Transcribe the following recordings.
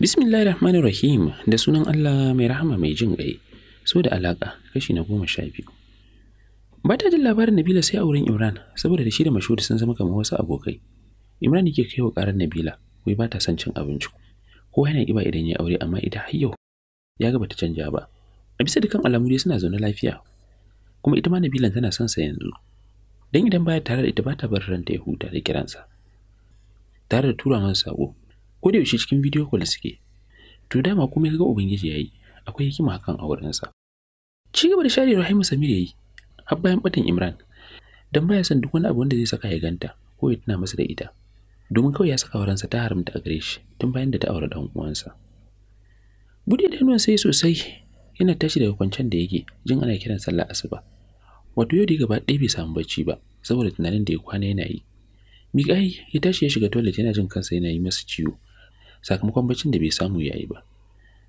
Bismillahir Rahmanir Rahim da sunan Allah mai rahama mai jin ƙai. So da alaƙa kashi na goma sha biyu. Ba ta jin labarin Nabila sai a wurin Imran saboda da shi da Mashhur sun zama kamar wasu abokai. Imran yake kai wa ƙarar Nabila, wai ba ta son cin abinci. Ko yana ƙiba idan ya aure amma ita har yau ya ga bata canja ba. A bisa dukkan alamu dai suna zaune lafiya kuma ita ma Nabila tana son sa yanzu. don idan baya tare da ita ba ta bar ranta ya huta da kiransa tare da tura masa sako ko da yaushe cikin bidiyo da suke to dama kuma ya ga ubangiji yayi akwai hikima kan aurensa ci gaba da share rahim Samir yayi har bayan batan Imran dan baya son duk wani abu wanda zai saka ya ganta ko ya tuna masa da ita domin kawai ya saka aurensa ta haramta a gare shi tun bayan da ta aure dan uwansa bude da sai sosai yana tashi daga kwancen da yake jin ana kiran sallar asuba wato yau dai gaba ɗaya bai samu bacci ba saboda tunanin da ya kwana yana yi miƙai ya tashi ya shiga toilet yana jin kansa yana yi masa ciwo sakamakon baccin da bai samu ya yi ba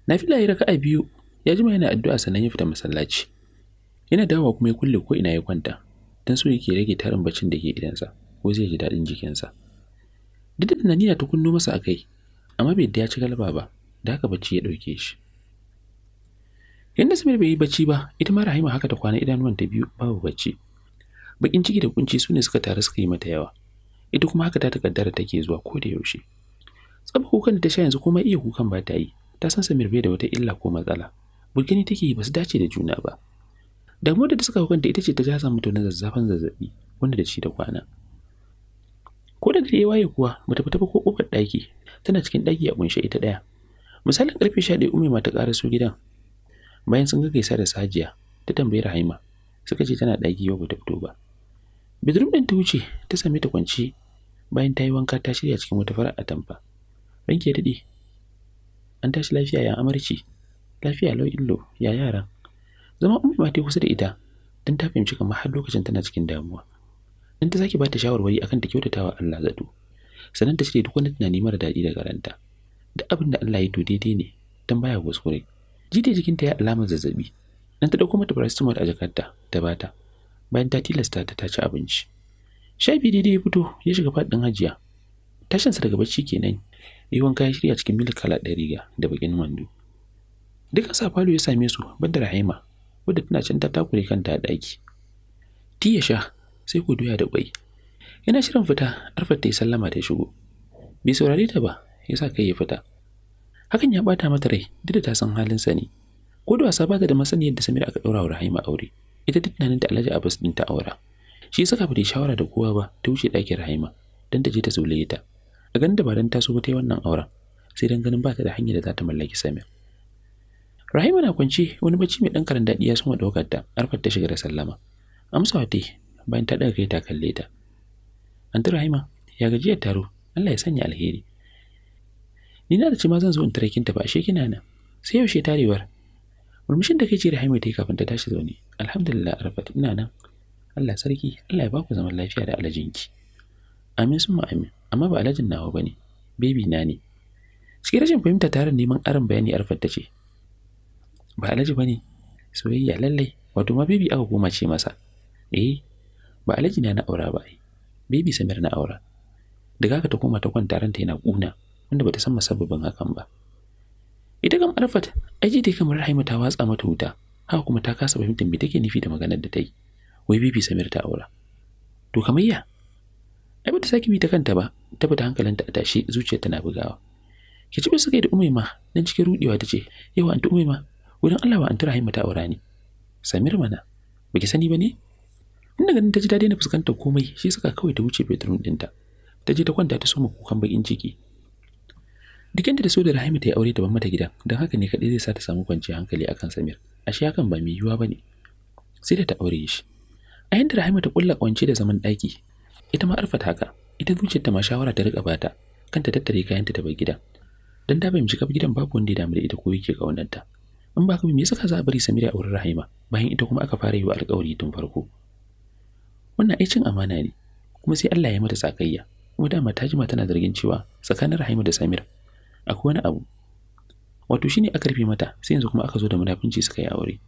nafila ya a biyu ya jima yana addu'a sannan ya fita masallaci yana dawowa kuma ya kulle ko ina ya kwanta dan so yake rage tarin baccin da ke idansa ko zai ji daɗin jikinsa duk da tunani na ta kunno masa kai, amma bai da ya ci galaba ba da haka bacci ya ɗauke shi Yanda Samir bai yi bacci ba, ita ma Rahima haka ta kwana idanuwan ta biyu babu bacci. Bakin ciki da kunci su ne suka taru suka yi mata yawa. Ita kuma haka ta takaddara take zuwa ko da yaushe. Tsaba kukan da ta sha yanzu kuma iya kukan ba ta yi. Ta san Samir bai da wata illa ko matsala. Bulgani take yi ba su dace da juna ba. Damuwar da suka saka kanta ita ce ta jasa mutu na zazzafan zazzabi wanda da shi da kwana. Ko da gari ya waye kuwa ba ta fita ba ko kofar ɗaki tana cikin ɗaki a kunshe ita ɗaya. Misalin karfe 11 Ummi ma ta ƙara so gidan bayan sun gaisa da sajiya ta tambayi rahima suka ce tana ɗaki yau bata fito ba bidrum ɗin ta wuce ta same ta kwanci bayan ta yi wanka ta shirya cikin wata fara tamfa. ranki ya daɗe an tashi lafiya ya amarci lafiya lau illo ya yara zama umar ma kusa da ita don ta fahimci kamar har lokacin tana cikin damuwa don ta sake ta shawarwari akan ta kyautatawa Allah zato sannan ta shirya duk wani tunani mara daɗi daga ranta duk abin da Allah ya yi to daidai ne don baya kuskure Jide jikinta ya alamar zazzabi. Dan ta dauko mata paracetamol a jakarta ta bata. Bayan ta tilasta ta ta ci abinci. Shafi daidai ya fito ya shiga faɗin hajiya. Tashinsa daga bacci kenan. Yi wanka ya shirya cikin milik kala ɗaya riga da bakin wando. sa falo ya same su banda Rahima wadda tana can ta takure kanta a ɗaki. Ti ya sha sai ku doya da kwai. Yana shirin fita, Arfat ta yi sallama ta shigo. Bai saurare ta ba, ya sa kai ya fita. hakan ya bata mata rai duk da ta san halin sa ne ko da wasa bata da masaniyar da Samira aka daura wa Rahima aure ita duk tunanin da Alhaji Abbas din ta aura shi saka ba ta shawara da kowa ba ta wuce ɗakin Rahima dan ta je ta zulaye ta a ganin da ba dan taso so ta yi wannan auren sai dan ganin bata da hanyar da za ta mallaki Samir Rahima na kwance wani bacci mai dan karan daɗi ya soma daukar ta arfar ta shiga da sallama amsa ta bayan ta daga kai ta kalle ta Anti Rahima ya gaji ya taro Allah ya sanya alheri ni na da ce ma zan zo in tare kinta ba ashe kina nan sai yaushe tarewar murmushin da kake Rahima ta yi kafin ta tashi zaune alhamdulillah arfat ina nan Allah sarki Allah ya baku zaman lafiya da alajinki amin sun amin amma ba alajin nawa bane baby na ne cikin rashin fahimta tare neman aron bayani arfat ta ce ba alaji bane soyayya lallai wato ma baby aka koma ce masa eh ba alaji na na aura ba ai baby Samir na aura daga ka ta koma ta kwanta ranta yana kuna wanda bata san masabbabin hakan ba ita kam arfat aji dai kamar rahima ta watsa mata wuta haka kuma ta kasa fahimtar me take nufi da maganar da ta yi wai bibi samir ta aura to kamayya ai bata saki bi ta kanta ba ta bata hankalinta a tashi zuciyar na bugawa ki ci suka da umaima dan cikin rudewa ce, yawa anta umaima wurin Allah wa anta rahima ta aura ne samir mana baki sani ba ne ina ganin ta ji ta daina fuskantar komai shi saka kawai ta wuce bedroom dinta ta je ta kwanta ta soma kukan bakin ciki Dukin da su da Rahima ta yi aure ta bar mata gida don haka ne kaɗai zai sa ta samu kwanciyar hankali akan Samir. Ashe hakan ba mai yiwuwa ba ne. Sai da ta aure shi. A yanda Rahima ta kulla kwanci da zaman ɗaki, ita ma arfa haka, ita zuciyarta ma shawara ta riƙa bata, kanta tattare kayanta ta bar gidan. Dan ta fahimci kaf gidan babu wanda ya damu da ita ko yake ƙaunarta. In ba ka me yasa za a bari samir a wurin Rahima bayan ita kuma aka fara yi wa alƙawari tun farko. Wannan ai cin amana ne, kuma sai Allah ya mata sakayya. Kuma dama ta jima tana zargin cewa tsakanin Rahima da Samir akwai wani abu wato shine aka rufe mata sai yanzu kuma aka zo da munafunci suka yi aure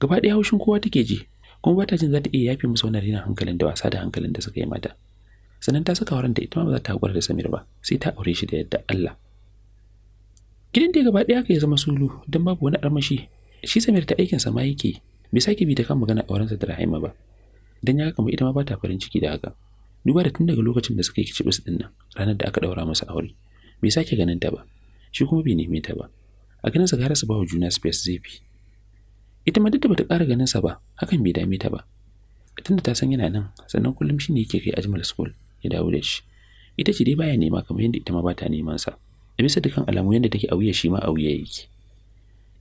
gaba ɗaya haushin kowa take ji kuma bata jin za ta iya yafe musu wannan rinin hankalin da wasa da hankalin da suka yi mata sannan ta saka da ita ma ba za ta haƙura da Samir ba sai ta aure shi da yadda Allah gidan da gaba ɗaya aka yi zama sulu don babu wani armashi shi Samir ta aikinsa ma yake bai sake bi ta kan magana sa da Rahima ba dan ya kama ita ma bata farin ciki da haka duba da tun daga lokacin da suka yi kicibis din nan ranar da aka ɗaura masa aure bai sake ganin ta ba shi kuma bai neme ta ba a ganin sa gara su ba juna space zai fi ita ma duk da bata kara ganin sa ba hakan bai dame ta ba tunda ta san yana nan sannan kullum shine yake kai Ajmal school ya dawo da shi ita ce dai baya nema kamar yadda ita ma bata neman sa a bisa dukkan alamu yadda take a wuya shi ma a wuya yake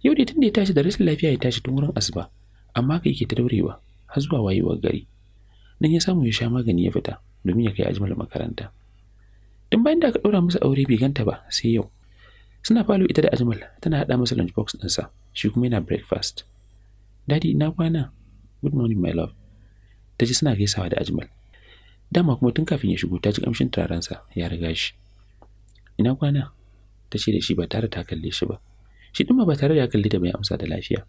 yau dai tunda ya tashi da rashin lafiya ya tashi tun wurin asuba amma kai yake ta daurewa har zuwa wayewar gari nan ya samu ya sha magani ya fita domin ya kai Ajmal makaranta tun bayan da aka ɗora masa aure bai ganta ba sai yau suna falo ita da ajmal tana haɗa masa lunch box ɗinsa shi kuma yana breakfast dadi ina kwana good morning my love ta ji suna gaisawa da ajmal dama kuma tun kafin ya shigo ta ji kamshin turarensa ya riga shi ina kwana ta ce da shi ba tare ta kalle shi ba shi ɗin ba tare da ya kalle da bai amsa da lafiya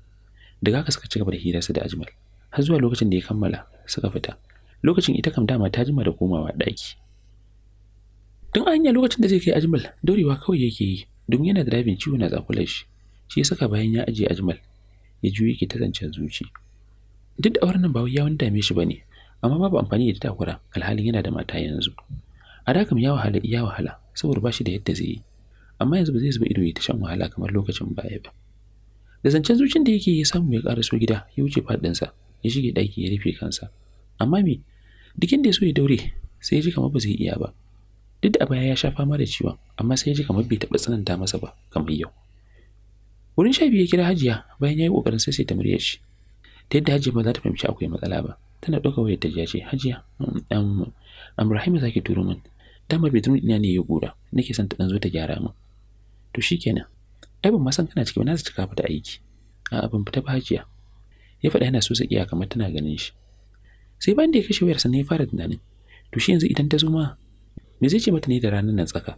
daga haka suka ci gaba da hirarsa da ajmal har zuwa lokacin da ya kammala suka fita lokacin ita kam dama ta jima da komawa ɗaki tun a lokacin da zai kai ajmal dorewa kawai yake yi don yana da rabin ciwo na tsakular shi shi ya saka bayan ya ajiye Ajimal ya juyi ke ta zancen zuci duk da auren nan ba ya wani dame shi bane amma babu amfani da takura alhalin yana da mata yanzu a dakam ya wahala iya wahala saboda ba da yadda zai yi amma yanzu ba zai zuba ido ya ta shan wahala kamar lokacin baya ba da zancen zucin da yake ya samu ya karaso gida ya wuce sa, ya shige daki ya rufe kansa amma me dukin da ya so ya daure sai ya ji kamar ba zai iya ba duk da abaya ya sha fama da ciwon amma sai ya ji kamar bai taɓa tsananta masa ba kamar yau wurin sha biyu ya kira hajiya bayan ya yi ƙoƙarin sai ta muryar shi ta yadda hajiya ba za ta fahimci akwai matsala ba tana ɗauka wayar ta ce hajiya um, um, amrahima za ki turo min damar bedroom ina ne ya ƙura nake son ta ɗan zo ta gyara min to shi ai ban ma san kana ciki ba na cika fita aiki a abin fita ba hajiya ya faɗa yana so iya kamar tana ganin shi sai bayan da ya kashe wayar sannan ya fara tunanin to shi yanzu idan ta zo ma me zai ce mata ne da ranar nan tsaka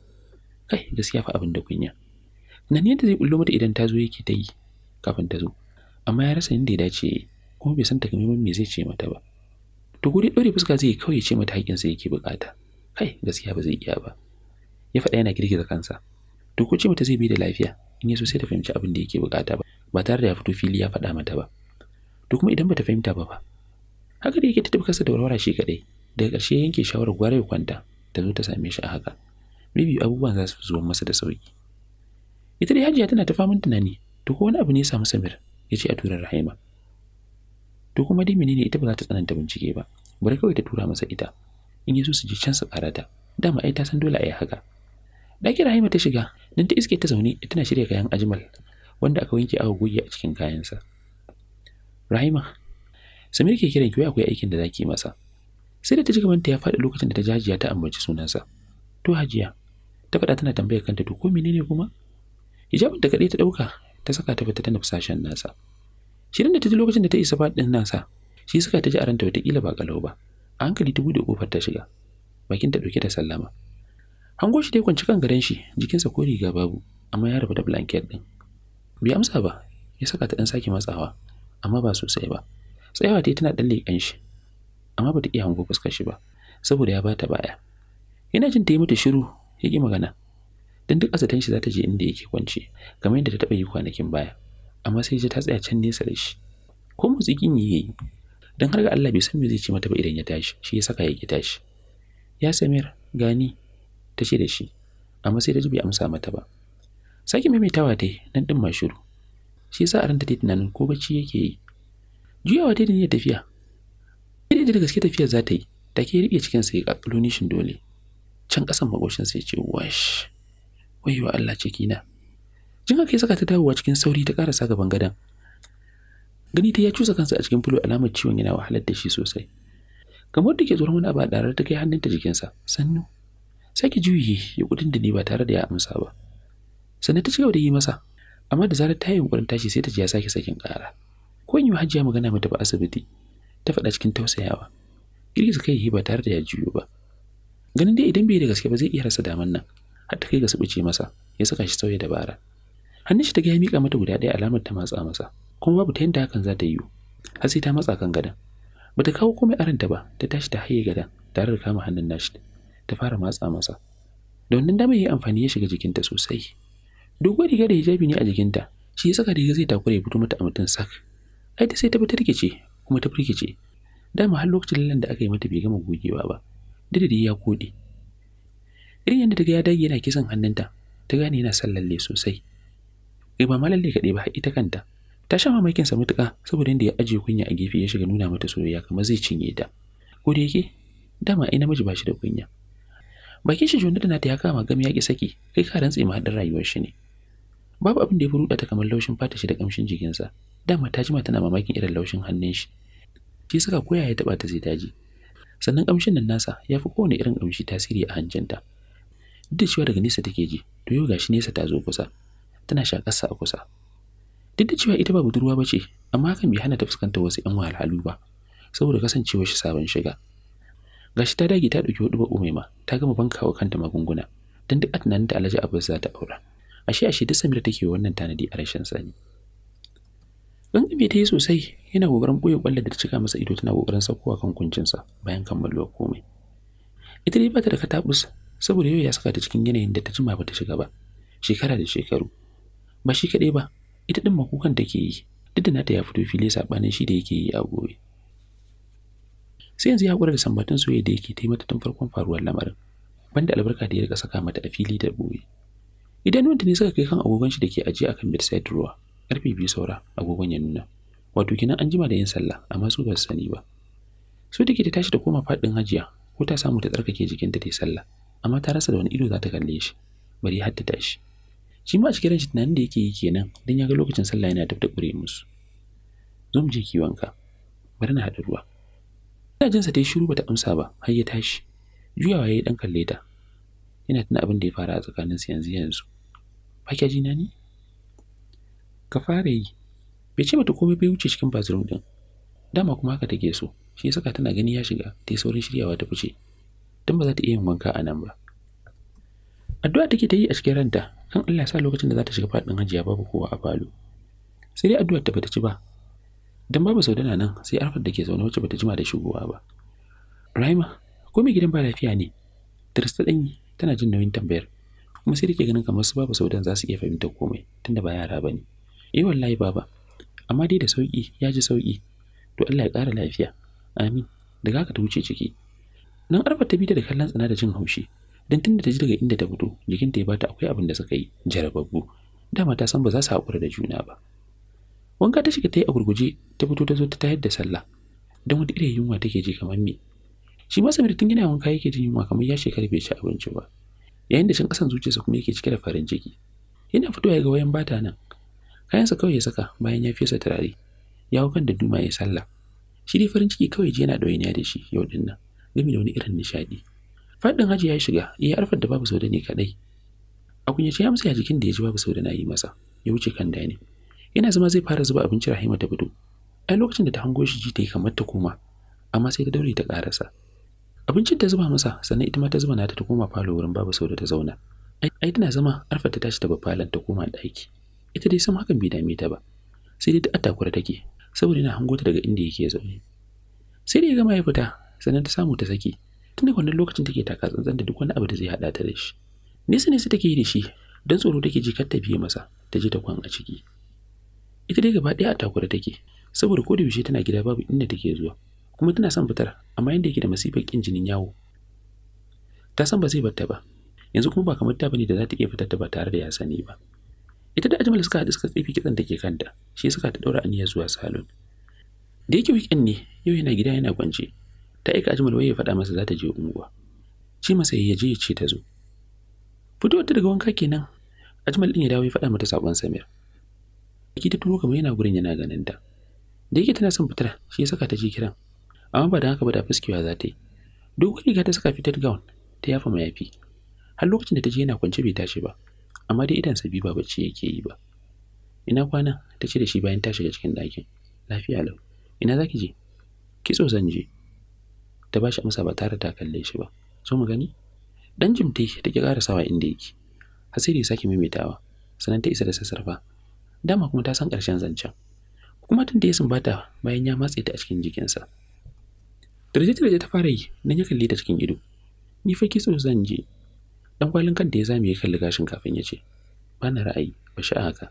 kai gaskiya fa abin da kunya ne yadda zai bullo mata idan ta zo yake ta yi kafin ta zo amma ya rasa inda ya dace kuma bai san takamaiman me zai ce mata ba to gudi dore fuska zai kawai ce mata sa yake bukata kai gaskiya ba zai iya ba ya faɗa yana girgiza kansa to ko ce mata zai bi da lafiya in ya so sai ta fahimci abin da yake bukata ba ba tare da ya fito fili ya faɗa mata ba to kuma idan bata fahimta ba fa haka da yake ta tabbakasa da warwara shi kadai daga ƙarshe yanke shawarar gwara kwanta ta zo ta same shi a haka maybe abubuwan za su zuwa masa da sauki ita dai hajiya tana ta faman tunani to ko wani abu ne ya samu samir ya ce a tura rahima to kuma dai menene ita ba za ta tsananta bincike ba bari kawai ta tura masa ita in ya so su je can su karata dama ai ta san dole a yi haka daki rahima ta shiga don ta iske ta zaune tana shirya kayan ajimal wanda aka wanke aka goge a cikin kayansa rahima samir ke kiran ki akwai aikin da zaki masa sai da ta ji ta ya faɗi lokacin da ta jajiya ta ambaci sunansa to hajiya ta faɗa tana tambayar kanta to ko menene kuma hijabin da kaɗai ta ɗauka ta saka ta fita ta na sashen nasa Shi da ta ji lokacin da ta isa faɗin nasa shi suka ta ji a ranta wataƙila ba ƙalau ba a hankali ta buɗe ƙofar ta shiga bakin ta ɗauke da sallama hango shi dai kwanci kan garen shi jikinsa ko riga babu amma ya rufe da blanket ɗin bai amsa ba ya saka ta ɗan sake matsawa amma ba sosai ba tsayawa ta tana ɗan leƙen shi amma ba ta iya hango fuskar shi ba saboda ya bata baya yana jin ta yi mata shiru ya ki magana dan duk asatan shi za ta je inda yake kwance kamar yadda ta taba yi kwanakin baya amma sai ji ta tsaya can nesa da shi ko motsi kin yi dan har ga Allah bai san me zai ce mata ba idan ya tashi shi ya saka ya ki tashi ya Samir gani ta ce da shi amma sai ta ji bai amsa mata ba sake maimaitawa dai nan din ma shiru shi sa a ranta ta tunanin ko bacci yake yi juyawa ta da niyyar tafiya Idan da gaske tafiyar za ta yi, da ke riƙe cikinsa ya ƙaƙƙalo nishin dole. Can ƙasan maƙoshin ya ce, Wash, wa Allah na Jin haka ya saka ta dawowa cikin sauri ta ƙarasa gaban gadon. Gani ta ya cusa kansa a cikin fulo alamar ciwon yana wahalar da shi sosai. Kamar da ke tsoron wani abu a ɗarar ta kai hannunta jikinsa, sannu. Sake juyi ya kudin da ni ba tare da ya amsa ba. Sannan ta cigaba da yi masa, amma da zarar ta yi yunƙurin tashi sai ta ji ya sake sakin ƙara. Ko in yi hajiya magana mata ba asibiti, ta faɗa cikin tausayawa girgiza kai yi ba tare da ya juyo ba ganin dai idan bai da gaske ba zai iya rasa daman nan har ta kai ga subuce masa ya saka shi sauya dabara hannun shi ta ga ya mika mata guda ɗaya alamar ta matsa masa kuma babu ta yadda hakan za ta yi har sai ta matsa kan gadon Ba ta kawo komai aranta ta ba ta tashi ta haye gadon tare da kama hannun nashi ta fara matsa masa da wannan dama yi amfani ya shiga jikinta sosai doguwar riga da hijabi ne a jikinta shi ya saka riga zai takure ya fito mata a mutum sak ai ta sai ta bi ta rikice kuma ta firkice dama har lokacin lallan da aka yi mata bai gama gogewa ba dadadi ya kode irin yadda ta ga ya dage yana kisan hannunta ta gane yana son lalle sosai kai eh, ba ma lalle kaɗai ba ita kanta ta sha mamakin sa mutuka saboda inda ya ajiye kunya a gefe ya shiga nuna mata soyayya kamar zai cinye ta ko da yake dama ai namiji ba shi da kunya bakin shi jonda da nata ya kama gami yaƙi saki kai ka rantse ma rayuwar shi ne babu abin da ya furuɗa ta kamar laushin fata shi da ƙamshin jikinsa dama ta jima tana mamakin irin laushin hannun shi shi suka koya ya taba ta zai ta ji sannan kamshin nan nasa ya fi kowane irin kamshi tasiri a hancinta duk da cewa daga nesa take ji to yau gashi nesa ta zo kusa tana sa a kusa duk da cewa ita ba budurwa ba ce amma hakan bai hana ta fuskantar wasu 'yan wahalhalu ba saboda kasancewar shi sabon shiga gashi ta dage ta dauki hudu ba ma ta gama bankawa kanta magunguna dan duk atnan da Alhaji abu za ta aura ashe ashe duk Samira take wannan tanadi a rashin sani Gangame ta yi sosai yana ƙoƙarin ɓoye ƙwallon da ta cika masa ido tana ƙoƙarin saukowa kan kuncinsa bayan kammaluwar komai. Ita dai bata da katabus saboda yau ya saka ta cikin yanayin da ta jima bata shiga ba shekara da shekaru. Ba shi kaɗai ba ita ɗin makukan ke yi duk da nata ya fito fili saɓanin shi da yake yi a gobe. Sai yanzu ya haƙura da sambatun soyayya da yake ta yi mata tun farkon faruwar lamarin banda albarka da ya rika saka mata a fili da ɓoye. Idanuwanta ne suka kai kan agogon shi da ke ajiye akan bedside drawer. karfe biyu saura agogon ya nuna wato kenan an jima da yin sallah amma su ba su sani ba su ke ta tashi da koma faɗin hajiya ko ta samu ta tsarkake jikinta ta yi sallah amma ta rasa da wani ido za ta kalle shi bari har ta tashi shi ma a cikin shi tunanin da yake yi kenan don ya ga lokacin sallah yana tafi da ƙure musu zo mu je kiwonka bari na haɗa ruwa ina jinsa ta yi shiru bata amsa ba har ya tashi juyawa ya yi ɗan kalle ta yana tuna abin da ya fara a tsakaninsu yanzu yanzu ba kya ji ni ka fara yi bai ce mata komai bai wuce cikin bathroom din dama kuma haka take so shi saka tana gani ya shiga ta yi saurin shiryawa ta fice don ba za ta iya yin wanka a nan ba addu'a take ta yi a cikin ranta kan Allah ya sa lokacin da za ta shiga fadin hajiya babu kowa a falo sai dai addu'a ta bata ci ba dan babu saudana nan sai arfar da ke zaune wacce bata jima da shigowa ba Rahima ko mai gidan ba lafiya ne Tirsta danyi tana jin nauyin tambayar kuma sai dake ganin kamar su babu saudan za su iya fahimtar komai tunda ba yara bane eh wallahi baba amma dai da sauki ya ji sauki to Allah ya ƙara lafiya amin daga haka ta wuce ciki nan arfa ta bi da kallon tsana da jin haushi dan tunda ta ji daga inda ta fito jikinta ya bata akwai abin da suka yi jarababbu dama ta san ba za su haƙura da juna ba wanka ta shiga ta yi a gurguje ta fito ta zo ta tayar da sallah dan wata irin yunwa take ji kamar me shi ma samir tun yana wanka yake jin yunwa kamar ya shekara bai ci abinci ba yayin da shin kasan zuciyarsa kuma yake cike da farin ciki yana fito ya ga wayan bata nan sa kawai ya saka bayan ya fesa turare ya hau kan da duma ya sallah shi dai farin ciki kawai ji yana ɗawainiya da shi yau din nan game da wani irin nishaɗi faɗin haji ya shiga ya arfar da babu sauda ne kaɗai a kunyace ya masa jikin da ya ji babu sauda na yi masa ya wuce kan dani yana zama zai fara zuba abinci rahima ta fito a lokacin da ta hango shi ji ta yi kamar ta koma amma sai ta daure ta karasa abincin ta zuba masa sannan ita ma ta zuba nata ta koma falo wurin babu sauda ta zauna ai tana zama arfa ta tashi ta bafalan ta koma ɗaki ita dai sam hakan bai dame ta ba sai dai ta takura take saboda yana hango ta daga inda yake zaune sai da ya gama ya fita sannan ta samu ta saki tunda wannan lokacin take taka tsantsan da duk wani abu da zai hada ta da shi nesa nesa take yi da shi don tsoro take ji kar ta biye masa ta ji ta kwan a ciki ita dai gaba ɗaya a takura take saboda ko da yaushe tana gida babu inda take zuwa kuma tana son fitar amma yanda yake da masifar kin jinin yawo ta san ba zai bata ba yanzu kuma ba kamar ta bane da za ta iya fitar ta ba tare da ya sani ba ita da ajmal suka haɗu suka tsifi kitsan da ke kanta shi suka ta ɗaura aniyar zuwa salon da yake weekend ne yau yana gida yana kwance ta aika ajmal wai ya faɗa masa za ta je unguwa shi masa ya je ya ce ta zo fito ta daga wanka kenan ajmal din ya dawo ya faɗa mata sakon samir ki ta turo kamar yana gurin yana ganin ta da yake tana son fitar shi ya ta je kiran amma ba da haka ba da fuskewa za ta yi dogon riga ta saka fitar gown ta yafa mayafi har lokacin da ta je yana kwance bai tashi ba amma dai idan sabi ba bacci yake yi ba ina kwana ta ce da shi bayan ta shiga cikin ɗakin lafiya lau ina za ki je kitso zan je ta ba shi amsa ba tare ta kalle shi ba so mu gani dan jimte ta ki sawa inda yake hasiri da ya sake maimaitawa sannan ta isa da sassarfa dama kuma ta san ƙarshen zancen kuma tun da ya sumbata bayan ya matse ta a cikin jikinsa. Darje-darje ta fara yi, nan ya kalli ta cikin ido. Ni fa kitso zan je, Dan kwalin kanta ya zame ya kalli gashin kafin ya ce, "Ba na ra'ayi, ba shi haka."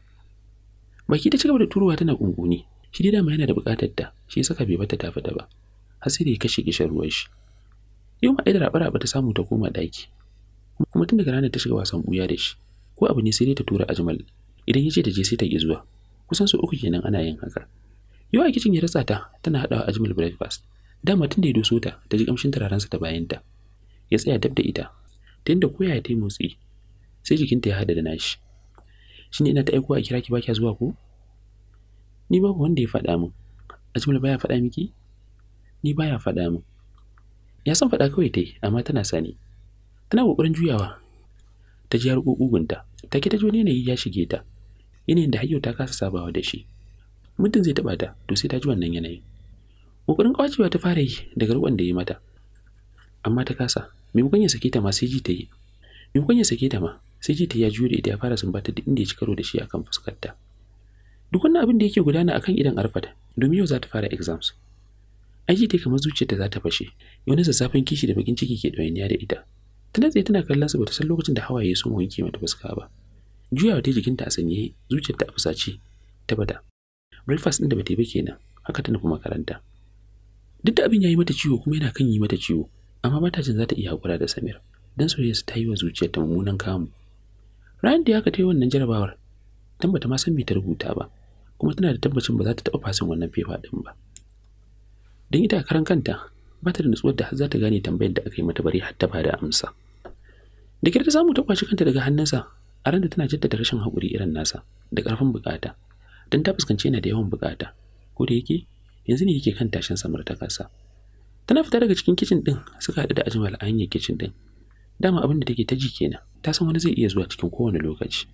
Baki ta cigaba da turuwa tana kunguni. Shi dai dama yana da bukatar ta, shi saka bai bata ta fita ba. Har sai da ya kashe kishin ruwan shi. Yau ma da rabara ta samu ta koma daki. Kuma tun daga ranar ta shiga wasan buya da shi. Ko abu ne sai dai ta tura Ajmal. Idan ya ce ta je sai ta ki zuwa. Kusan su uku kenan ana yin haka. Yau a kicin ya ratsa ta tana hadawa Ajmal breakfast. dama tun da ya doso ta ta ji kamshin sa ta bayanta ya tsaya dab da ita ta yadda ko yaya ta yi motsi sai jikinta ya haɗa da nashi shi ina ta aiko a kira ki baki zuwa ko ni babu wanda ya faɗa min A jimla baya faɗa miki ni baya faɗa min ya san faɗa kawai ta yi amma tana sani tana ƙoƙarin juyawa ta ji har ƙugunta ta ki ta ji wani yanayi ya shige ta yanayin da hayyau ta kasa sabawa da shi muddin zai taɓa ta to sai ta ji wannan yanayin ƙoƙarin ƙwacewa ta fara yi daga ruwan da ya mata amma ta kasa maimakon ya sake ta ma sai ji ta yi maimakon ya sake ta ma sai ji ta ya jure da ita ya fara sumbata da inda ya ci karo da shi akan fuskarta duk wannan abin da yake gudana akan idan arfat domin yau za ta fara exams aiki ta kamar zuciyarta za ta fashe wani safin kishi da bakin ciki ke ya da ita tana tsaye tana kallon sa bata san lokacin da hawaye sun wanke mata fuska ba juyawa ta jikinta a sanye zuciyarta a fusace ta bada breakfast ɗin da bata yi ba kenan haka ta nufi makaranta duk da abin ya yi mata ciwo kuma yana kan yi mata ciwo amma ba ta za ta iya haƙura da Samir dan su ta yi wa ta mummunan kamu. Ranar da aka ta wannan jarabawar, dan bata ma san me ta rubuta ba, kuma tana da tabbacin ba za ta taɓa fasin wannan fefa ɗin ba. dan ita karan kanta, ba ta da nutsuwar da har za ta gane tambayar da aka yi mata bari har ta bada amsa. Da ta samu ta kwashi kanta daga hannunsa, a ran da tana jaddada rashin haƙuri irin nasa da ƙarfin bukata, dan ta fuskanci yana da yawan bukata, ko da yake yanzu ne yake kan tashin samartakarsa. tana fita daga cikin kicin din suka haɗu da ajmal a hanyar kicin din dama abin da take ta ji kenan ta san wani zai iya zuwa cikin kowane lokaci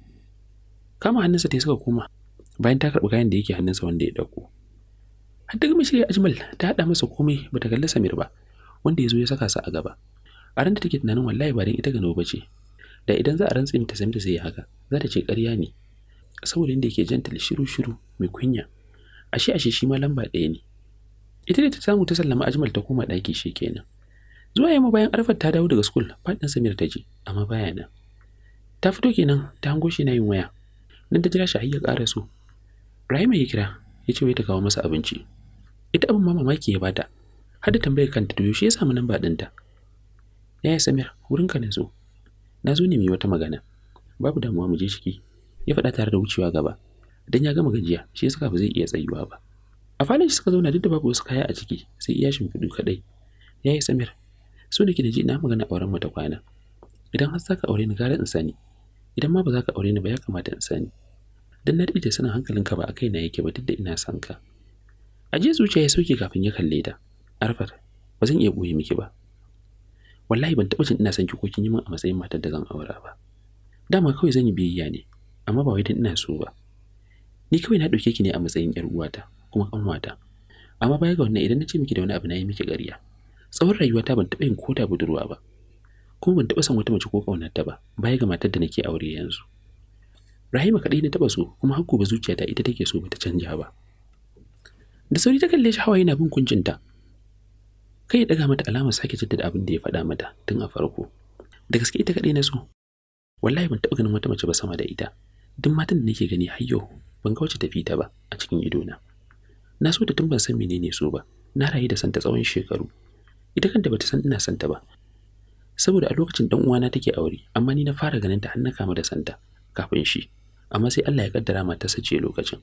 kama hannunsa ta suka koma bayan ta karɓi kayan da yake hannunsa wanda ya ɗauko har ta gama shirya ajimal ta haɗa masa komai ba ta kalli samir ba wanda ya zo ya saka sa a gaba a ran da take tunanin wallahi ba ita ga ba ce da idan za a rantse mata samir zai yi haka za ta ce ƙarya ne saboda inda yake jantal shiru shiru mai kunya ashe ashe shi ma lamba ɗaya ne ita da ta samu ta sallama ajmal ta koma ɗaki shi kenan zuwa yamma bayan arfar ta dawo daga school faɗin samir ta ji amma baya nan ta fito kenan ta hango shi na yin waya nan ta jira shi ya ƙara so rahima ya kira ya ce wai ta kawo masa abinci ita abin ma mamaki ya bata har da tambayar kanta to yaushe ya samu namba ɗinta yaya samir wurinka na zo na zo ne mai wata magana babu damuwa mu je ciki ya faɗa tare da wucewa gaba dan ya gama gajiya shi saka ba zai iya tsayuwa ba a falon shi suka zauna duk da babu wasu kaya a ciki sai iya shimfiɗu kaɗai ya yi samir so da ke da ji na magana auren mata kwana idan har za ka aure ni gara in sani idan ma ba za ka aure ni ba ya kamata in sani dan na da sanin hankalinka ba a kaina yake ba duk da ina son ka a je zuciya ya sauke kafin ya kalle ta arfat ba zan iya goye miki ba wallahi ban taɓa jin ina son ki ko kin yi min a matsayin matar da zan aura ba dama kawai zan yi biyayya ne amma ba wai dan ina so ba ni kawai na ɗauke ki ne a matsayin 'yar uwata kuma kanwata amma baya ga wannan idan na ce miki da wani abu na yi miki gariya tsawon rayuwata ban taɓa yin koda budurwa ba kuma ban taɓa san wata mace ko ta ba baya ga matar da nake aure yanzu Rahima kaɗai na taɓa so kuma hakku ba zuciyata ita take so ta canja ba da sauri ta kalle shi hawaye na bin kuncinta kai ya ɗaga mata alamar sake jaddada abin da ya faɗa mata tun a farko da gaske ita kaɗai na so wallahi ban taɓa ganin wata mace ba sama da ita duk matan da nake gani hayyo ban ga wacce tafi ta ba a cikin idona na so da tun ban san menene so ba na rayu da santa tsawon shekaru ita kanta bata san ina santa ba saboda a lokacin dan uwana take aure amma ni na fara ganin ta har na kama da santa kafin shi amma sai Allah ya kaddara mata sace lokacin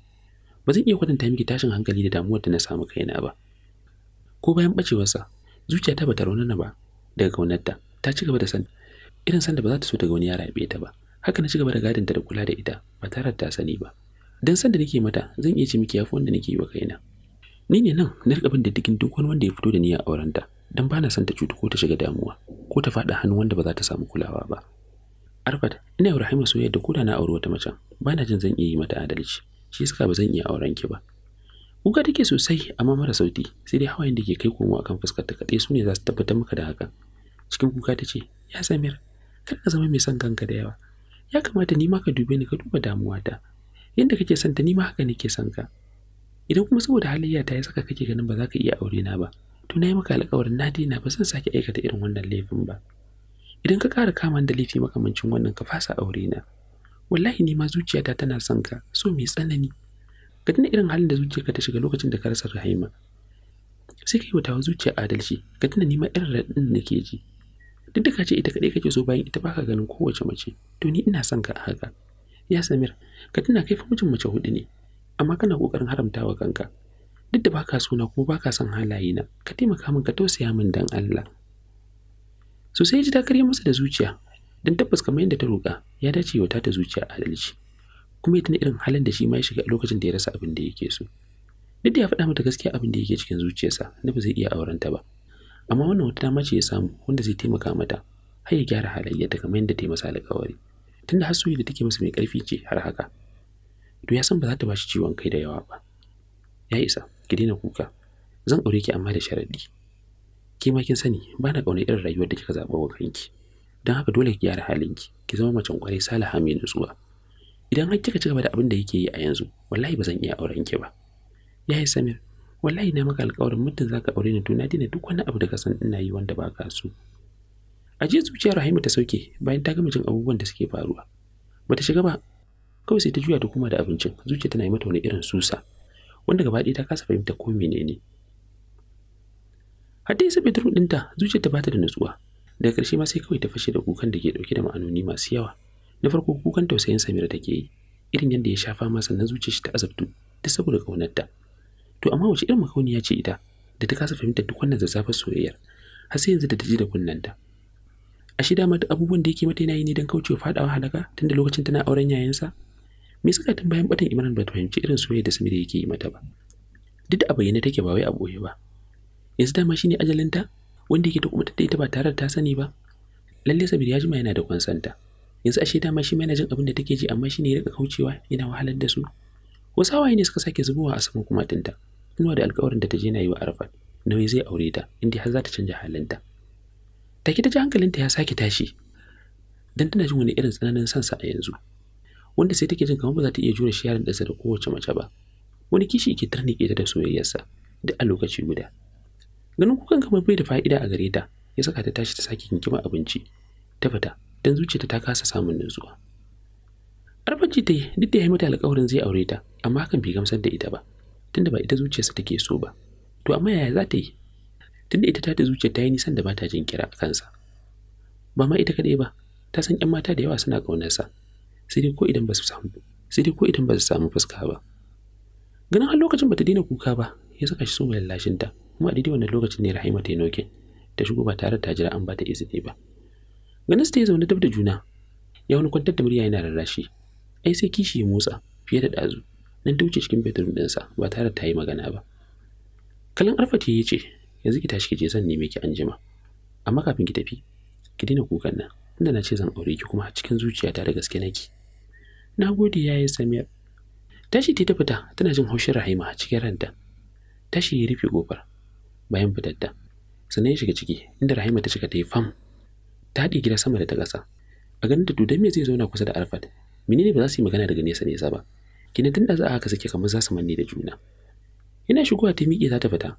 ba zan iya kwatanta miki tashin hankali da damuwar da na samu kaina ba ko bayan bacewarsa zuciyata bata raunana ba daga kaunarta ta ci gaba da san irin sanda ba za ta so daga wani yara ya ta ba haka na ci gaba da gadinta da kula da ita ba tare da ta sani ba dan san da nake mata zan iya ce miki yafi wanda nake yi wa kaina ni ne nan na rika bin duk wanda ya fito da a aurenta dan ba na son ta cutu ko ta shiga damuwa ko ta faɗa hannu wanda ba za ta samu kulawa ba Arfat ina yi Rahima soyayya da koda na auri wata macen bana jin zan iya yi mata adalci shi saka ba zan iya auren ki ba kuka take sosai amma mara sauti sai dai hawayen da ke kai komo akan fuskar ta kaɗai su ne za su tabbatar maka da hakan cikin kuka ta ce ya Samir kar ka zama mai son kanka da yawa ya kamata ni ma ka dube ni ka duba damuwata yadda kake son ta ni ma haka nake son ka idan kuma saboda halayya ta ya saka kake ganin ba za ka iya aure na ba to na yi maka alƙawarin na daina ba zan sake aikata irin wannan laifin ba idan ka ƙara kama da laifi makamancin wannan ka fasa aure na wallahi ni ma zuciyata tana son ka so mai tsanani ka tuna irin halin da zuciyarka ta shiga lokacin da ka rasa rahima sai ka yi wata zuciya adalci ka tuna ni ma irin raɗin da nake ji duk da ka ce ita kaɗai kake so bayan ita baka ganin kowace mace to ni ina son ka a haka ya samir ka tuna kai fa mijin mace hudu ne amma kana kokarin haramtawa kanka duk da baka suna kuma baka san halaye na, ka taimaka min ka tausaya min dan Allah so sai ji ta karya masa da zuciya dan tabbas kamar yadda ta roka ya dace wa ta ta zuciya adalci kuma ya tuna irin halin da shi ma ya shiga a lokacin da ya rasa abin da yake so duk da ya faɗa mata gaskiya abin da yake cikin zuciyarsa na ba zai iya aurenta ba amma wannan wata dama ce ya samu wanda zai taimaka mata har ya gyara halayyarta kamar yadda ta yi masa alƙawari tunda har da take masa mai ƙarfi ce har haka to ya san ba za ta bashi ciwon kai da yawa ba ya isa ki daina kuka zan aure ki amma da sharaɗi. ke ma kin sani ba na ƙaunar irin rayuwar da kika zaɓa wa kanki don haka dole ki gyara halin ki ki zama macen kwarai salaha mai nutsuwa idan har kika cigaba da abin da yake yi a yanzu wallahi ba zan iya auren ki ba yayi samir wallahi na maka alƙawarin muddin zaka aure ni to na dina duk wani abu da ka san ina yi wanda ba ka so A Ajiya zuciyar Rahima ta sauke bayan ta gama jin abubuwan da suke faruwa. Bata shiga ba, kawai sai ta juya ta koma da abincin, zuciya tana yi mata wani irin susa, wanda gaba ɗaya ta kasa fahimta ko menene. ya isa turu ɗinta, zuciyar ta bata da nutsuwa. Daga ƙarshe ma sai kawai ta fashe da kukan da ke ɗauke da ma'anoni masu yawa. Na farko kukan tausayin Samira take yi, irin yadda ya sha fama sannan zuciyar shi ta azabtu, duk saboda ƙaunarta. To amma wace irin makauniya ce ita da ta kasa fahimtar duk wannan zazzafar soyayyar, har sai yanzu da ta ji da kunnanta. ashe dama mata abubuwan da yake mata yana yi ne don kaucewa faɗawa halaka tunda lokacin tana auren yayansa me suka tun bayan batan imran ba fahimci irin soyayya da samir yake yi mata ba duk da a bayyane take ba wai a boye ba yanzu dama shi ne ajalinta wanda yake ta kuma ita ba tare da ta sani ba lalle sabir ya jima yana da kwansanta yanzu ashe dama shi ma yana jin abin da take ji amma ne ya rika kaucewa yana wahalar da su wasu hawaye ne suka sake zubowa a saman kumatinta inuwa da alkawarin da ta je na yi wa arafat nauyi zai aure ta inda har za ta canja halinta ki ta ji hankalinta ya sake tashi. Dan tana jin wani irin tsananin sa a yanzu. Wanda sai take jin kamar ba za ta iya jure shi yaron ɗansa da kowace mace ba. Wani kishi ke tarnike ta da soyayyarsa duk a lokaci guda. Ganin kukan kamar bai da fa'ida a gare ta ya saka ta tashi ta sake kinkima abinci. Ta fita dan zuciyarta ta kasa samun nutsuwa. Arfaci ta yi duk da ya yi mata alƙawarin zai aure ta amma hakan bai gamsar da ita ba tunda ba ita zuciyarsa take so ba. To amma yaya za ta yi tunda ita ta da zuciya ta yi nisan da bata jin kira a kansa ba ma ita kaɗai ba ta san 'yan mata da yawa suna ƙaunarsa sai dai ko idan ba su samu sai dai ko idan ba su samu fuska ba ganin har lokacin ta daina kuka ba ya saka shi so lallashin ta kuma a daidai wannan lokacin ne Rahima ta yi noke ta shigo ba tare da ta jira an ba ta izini ba ganin su ta zaune dab da juna ya wani kwantar da murya yana rarrashi ai sai kishi ya motsa fiye da ɗazu nan ta wuce cikin bedroom ɗinsa ba tare da ta yi magana ba kalan ta yi ce yanzu ki tashi ki je zan neme ki anjima amma kafin ki tafi ki daina kukan nan tunda na ce zan aure ki kuma cikin zuciyata da gaske nake Nagode yayi samir tashi ta fita tana jin haushin rahima a cikin ranta tashi ya rufe kofar bayan fitatta sannan shiga ciki inda rahima ta cika ta yi fam ta haɗe gida sama da ta ƙasa a ganin da dudan me zai zauna kusa da arfat menene ba za su yi magana daga nesa nesa ba kina tunda za a haka suke kamar za su manne da juna yana shigowa ta miƙe za ta fita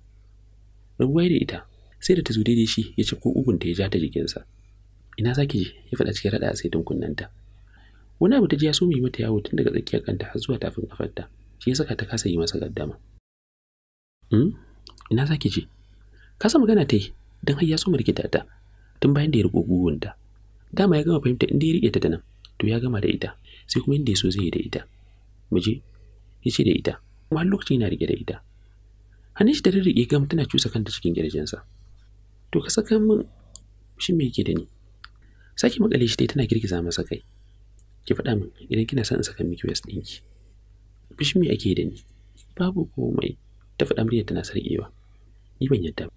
rabuwa da ita sai da ta zo daidai shi ya ci ugun ta ya ja ta jikinsa ina zaki je ya faɗa cikin raɗa a tun kunnanta wani abu ta ji ya so mu mai mata yawo tun daga tsakiyar kanta har zuwa tafin kafarta shi ya saka ta kasa yi masa gaddama hmm? ina zaki je kasa magana ta yi don har ya so markita ta tun bayan da ya riƙo gugunta dama ya gama fahimta inda ya riƙe ta nan to ya gama da ita sai kuma inda ya so zai yi da ita mu je ya ce da ita kuma har lokaci yana riƙe da ita hannun shi da rirriƙe gam tana cusa kanta cikin ƙirjinsa to ka saka min shi me ke da ni sake makale shi dai tana girgiza masa kai ki faɗa min idan kina son in saka miki west ɗinki bishi me ake da ni babu komai ta faɗa muryar tana sarƙewa ni ban yadda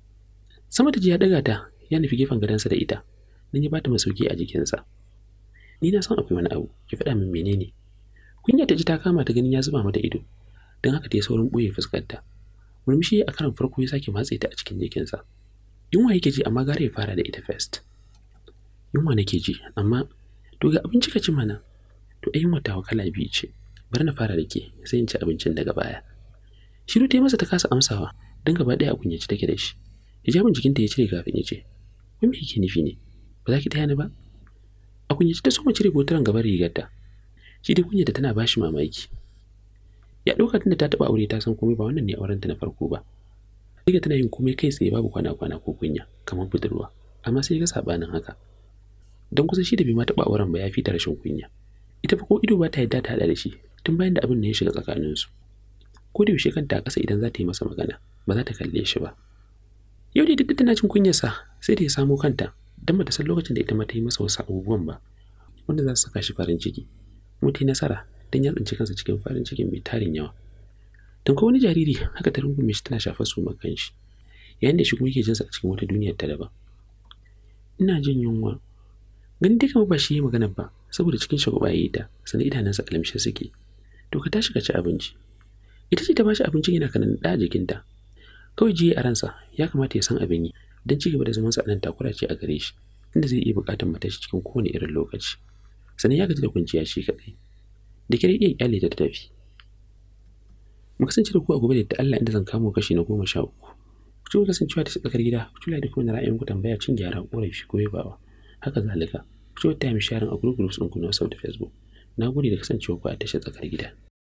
sama ta ji ya ɗaga ta ya nufi gefen gadonsa da ita nan ya bata masauki a jikinsa ni na san akwai wani abu ki faɗa min menene kunya ta ji ta kama ta ganin ya zuba mata ido don haka ta yi saurin ɓoye fuskarta murmushi a karan farko ya sake matse ta a cikin jikinsa yunwa yake ji amma gara ya fara da ita first yunwa nake ji amma to ga abinci ka ci mana to ai yunwa ta wakala biyu ce bar na fara da ke sai in ci abincin daga baya shiru ta masa ta kasa amsawa don gaba ɗaya a kunyaci take da shi hijabin jikinta ya cire kafin ya ce wai me yake nufi ne ba za ki taya ni ba a kunyaci ta so mu cire botaran gaban rigarta shi dai kunyata tana bashi mamaki ya ɗauka da ta taɓa aure ta san komai ba wannan ne ta na farko ba Diga tana yin komai kai tsaye babu kwana kwana ko kunya kamar budurwa amma sai ga sabanin haka don kusa, shi da bai ma taɓa auren ba ya fita rashin kunya ita fa ko ido ba ta yadda ta haɗa da shi tun bayan da abin da ya shiga su ko da yaushe kanta a kasa idan za ta yi masa magana ba za ta kalle shi ba yau dai duk tana cin kunyarsa sai da ya samo kanta dan ba ta san lokacin da ita ma ta yi masa wasu abubuwan ba wanda za su saka shi farin ciki mutu nasara don ya ɗanci kansa cikin farin cikin mai tarin yawa don wani jariri haka ta rungume shi tana shafar su makan shi yayin da shi kuma yake sa a cikin wata duniyar ta daban ina jin yunwa gani dai kama ba shi yi magana ba saboda cikin shagwaba ya yi ta sannan idanunsa kalmishe suke to ka tashi ka ci abinci ita ce ta bashi abincin yana kanan da jikinta kawai jiye a ransa ya kamata ya san abin yi don ci gaba da sa a nan takura ce a gare shi inda zai iya bukatar matashi cikin kowane irin lokaci sannan ya gaji da kwanciya shi kaɗai da kira iya kyale ta tafi mu kasance da ku a gobe da Allah inda zan kamo kashi na goma sha uku ku ci kasancewa da tsakar gida ku ci da kuma ra'ayin ku tambaya cin gyara korafi ko yabawa haka zalika ku ci wata time sharing a group groups ku na da Facebook na gode da kasancewa ku a tashar tsakar gida